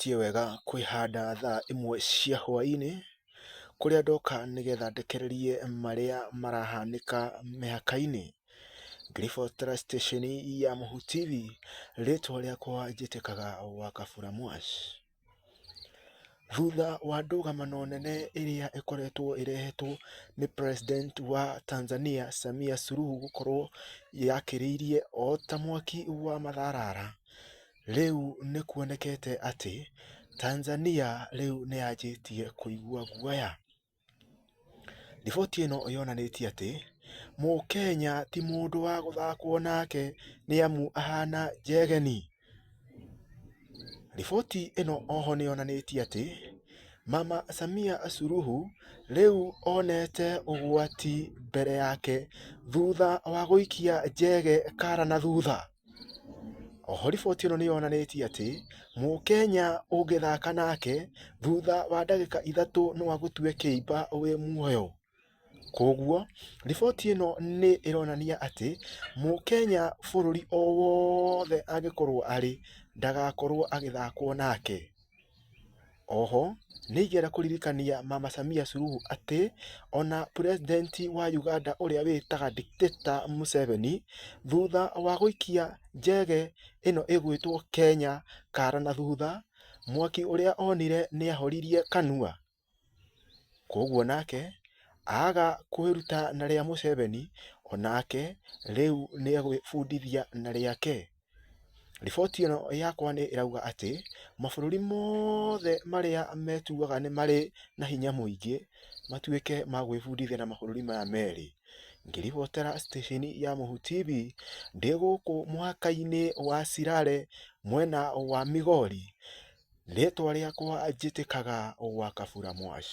tie wega kwĩhanda thaa imwe cia hwaĩ-inĩ, kũrĩa ndoka nĩgetha ndekererie marĩa marahanĩka mĩhaka-inĩ. Ngĩribotera station ya Mũhu TV, rĩtwa rĩakwa njĩtĩkaga Wakabura Mwash. Thutha wa ndũgamano nene ĩrĩa ĩkoretwo ĩrehetwo nĩ president wa Tanzania Samia Suluhu gũkorwo yakĩrĩirie o ta mwaki wa matharara Rĩu nĩ kuonekete ati Tanzania rĩu nĩ yanjĩtie kũigua guoya. Riboti ĩno yonanĩtie atĩ kenya ti mundu wa gũthakwo nake amu ahana njegeni. Riboti ĩno oho nĩyonanĩtie ati mama Samia Suluhu rĩu onete ugwati mbere yake thutha wa guikia njege kara na thutha oho riboti ĩno nĩ yonanĩtie atĩ mũkenya thaka nake thutha wa ndagĩka ithatũ no kä imba wä muoyo. Koguo riboti ĩno nĩ kenya atĩ mũkenya ri o wothe korwo arä ndagakorwo thakwo nake. Oho nĩ igera kũririkania mama Samia Suluhu atĩ ona president wa Uganda ũrĩa wĩtaga dikteta Museveni thutha wa gũikia njege ĩno ĩgwĩtwo Kenya kara na thutha, mwaki ũrĩa onire ahoririe kanua. koguo nake aga kwĩruta na rĩa Museveni onake rĩu nĩegwĩbundithia na rĩake riboti ĩno yakwa nĩ ĩrauga atĩ mabũrũri mothe marĩa metuaga nĩ marĩ na hinya mũingĩ matuĩke ma gwĩbundithia na mabũrũri maya merĩ. Ngĩribotera ceceni ya Mũhu TV ndĩ gũkũ mwaka inĩ wa cirare mwena wa Migori, rĩtwa rĩakwa njĩtĩkaga Wakabura Mwash.